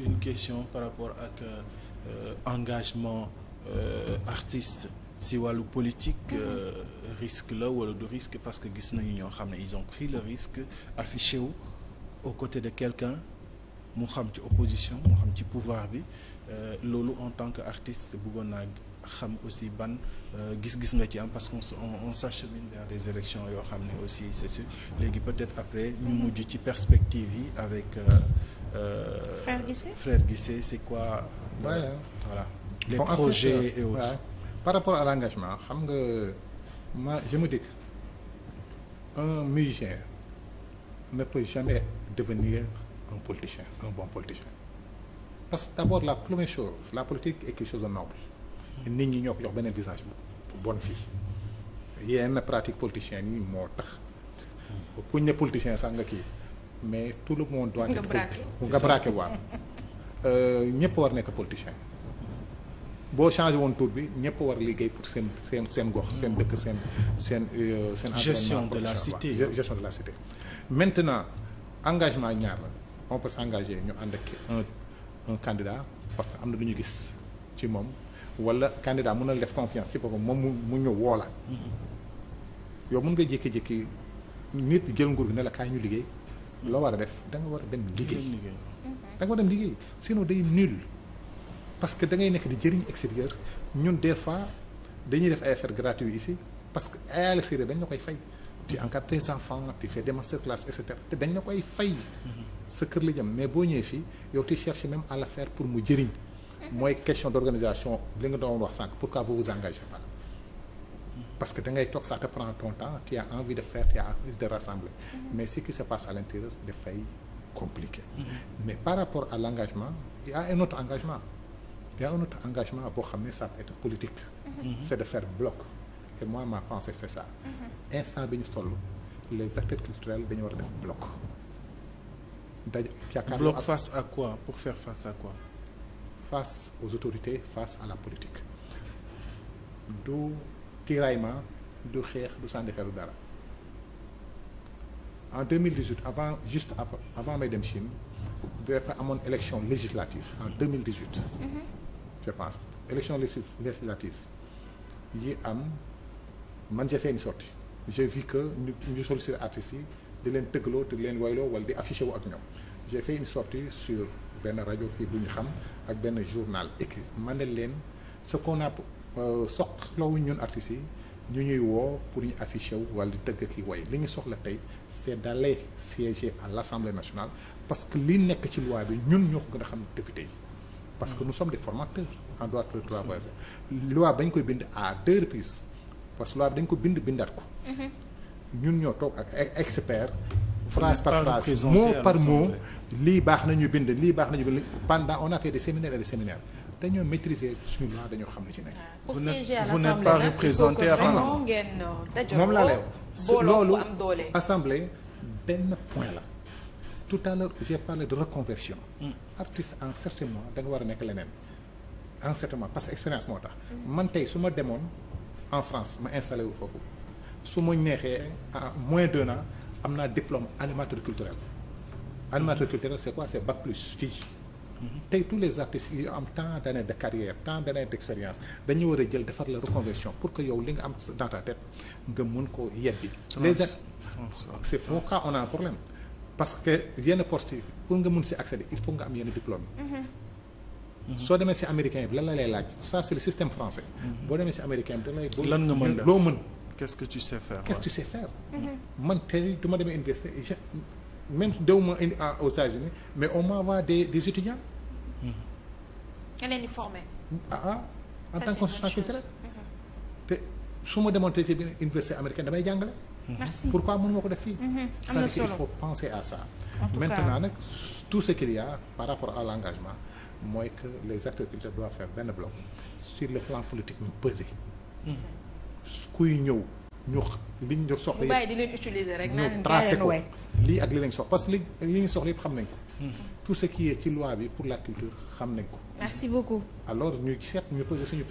une question par rapport ak euh, engagement euh, artiste si wàllu politique mm-hmm. euh, risque la wala du risque parce que gis nañu ñoo xam ne ils ont pris le risque affiché wu aux côtés de quelqu'un mu xam ci opposition mu xam ci pouvoir bi loolu en tant que artiste bëggoon naa xam aussi ban euh, gis-gis nga ci am parce que on sa s'achemine vers des élections yoo xam ne aussi c'est sûr léegi peut-être après ñu mm-hmm. mujj ci perspective yi avec. Euh, euh frère Guissé c'est quoi. voilà les bon, projets en euh, par rapport à l'engagement xam nga ma je me dis que un musicien ne peut jamais devenir un politicien un bon politicien parce que d'abord la première chose la politique est quelque chose de noble. nit ñi ñoo ko jox beneen visage bu bon fii yenn pratique politicienne yi moo tax kuñ ne politicien sax nga kii mais tout le monde doit nga braqué waaw euh, ñëpp war nekk politicien boo changé woon tour bi ñëpp war liggéey pour seen seen seen gox seen dëkk seen seen euh, seen gestion de la cité gestion de la maintenant engagement ñaar la on peut s'engager ñu ànd ak un un candidat parce que am na lu ñu gis ci moom wala candidat mun na def confiance ci boppam moom mu mu ñëw woo la yow mun nga jékki-jékki nit jël nguur gi ne la kaa ñu liggéey loo war a def da nga war a dem liggéey mhm. da nga war a dem liggéey sinon day nul parce dangay nekk di jëriñ extérieur ñun des fois dañuy def ay affaires gratuites ici parce que à l'extérieur dañ la koy fay tu encadres tes enfants tu fais des masterclass et cetera te dañ la koy fay mhm. sa kër la jëm mais boo ñëwee fii yow tu cherches même à la faire pour mu jëriñ mooy question d'organisation li nga doon wax sànq pour vous vous engagez pas parce que da ngay toog ça te prend ton temps tu as envie de faire tu as envie de rassembler mais ce qui se passe à l'intérieur dafay compliqué mais par rapport à l'engagement il un autre engagement il engagement boo xam ne ça peut être politique c'est de faire bloc et moi ma pensée c'est ça instant bi ñu toll les acteurs culturels dañu war a def bloc daj yaakaar bloc face à pour faire face à quoi face aux autorités face à la politique du tiraillement du xeex du sànni xeeru dara en 2018 avant juste avant avant may dem Chine dafa amoon élection législative en 2018 je pense élection législative yi am man j'ai fait une sortie j'ai vu que ñu ñu sollicité artistes yi di leen tëggaloo di leen woyloo wala di affiché wu ak ñoom j'ai fait une sortie sur benn rajo fii bu ñu xam ak benn journal écrit ma ne leen ce qu'on a euh, soxlawuñ ñun artistes ñu ñuy woo pour ñu affiché wu wala di tëgg ki woy li ñu soxla tey c'est d'aller siéger à l'Assemblée nationale parce que li nekk ci loi bi ñun ñoo ko gën a xam député yi parce que mm. nous sommes des formateurs en droit de travail loi bañ koy bind à deux reprises parce que loi dañ ko bind bindaat ko mm-hmm. ñun ñoo toog ak e-, expert phrase par phrase mot par lii baax nañu bind lii baax nañu bind pendant on a fait des séminaires et des séminaires dañoo maîtriser suñu loi dañoo xam lu ci nekk. Ah, pour siéger à l'assemblée vous n'êtes pas représenté avant euh, moom laa lay loolu assemblée benn point la tout à l'heure j'ai parlé de reconversion mm. artiste en certain moment da nga war a nekk leneen en certain moment parce que expérience moo tax mm. man tey su ma demoon en France ma installé wu foofu su ma neexee en moins d'un an am naa diplôme animateur culturel animateur culturel c'est quoi c'est bac plus fii tey tous les artistes yu am tant d'années carrière tant d'années d'expérience dañu war a jël defar la reconversion pour que yow li nga am dans ta tête nga mën ko yebbi les a c'est pourquoi on a un problème parce que yenn poste yi pour nga mën si accéder il faut nga am yenn diplôme mm-hmm. soo demee si américain bi lan la lay laaj ça c'est le système français mm-hmm. boo demee si américain loo mën qu'est-ce que tu sais faire ce que tu sais mm-hmm. man tey du ma demee université même dew ma indi aux au unis mais au m'envoie des des étudiants. Mm-hmm. nga leen di former. ah ah en tant que culturel. Mm-hmm. te su ma demoon tey bi université américaine damay jàngale. merci pourquoi mënuma ko def fii. am na il faut penser à ça. maintenant nag tout ce qu'il y a par rapport à l'engagement mooy que les acteurs culturels doivent faire benn bloc sur le plan politique ñu peser. kuy ñëw ñu liñ ñu soxla. bu bàyyi di leen utiliser rek naan tracé ko lii ak li lañ soxla parce que li li ñu soxla yëpp xam nañ ko. tout ce qui est ci loi bi pour la culture xam nañ ko. merci beaucoup. ñu seet ñu poser suñu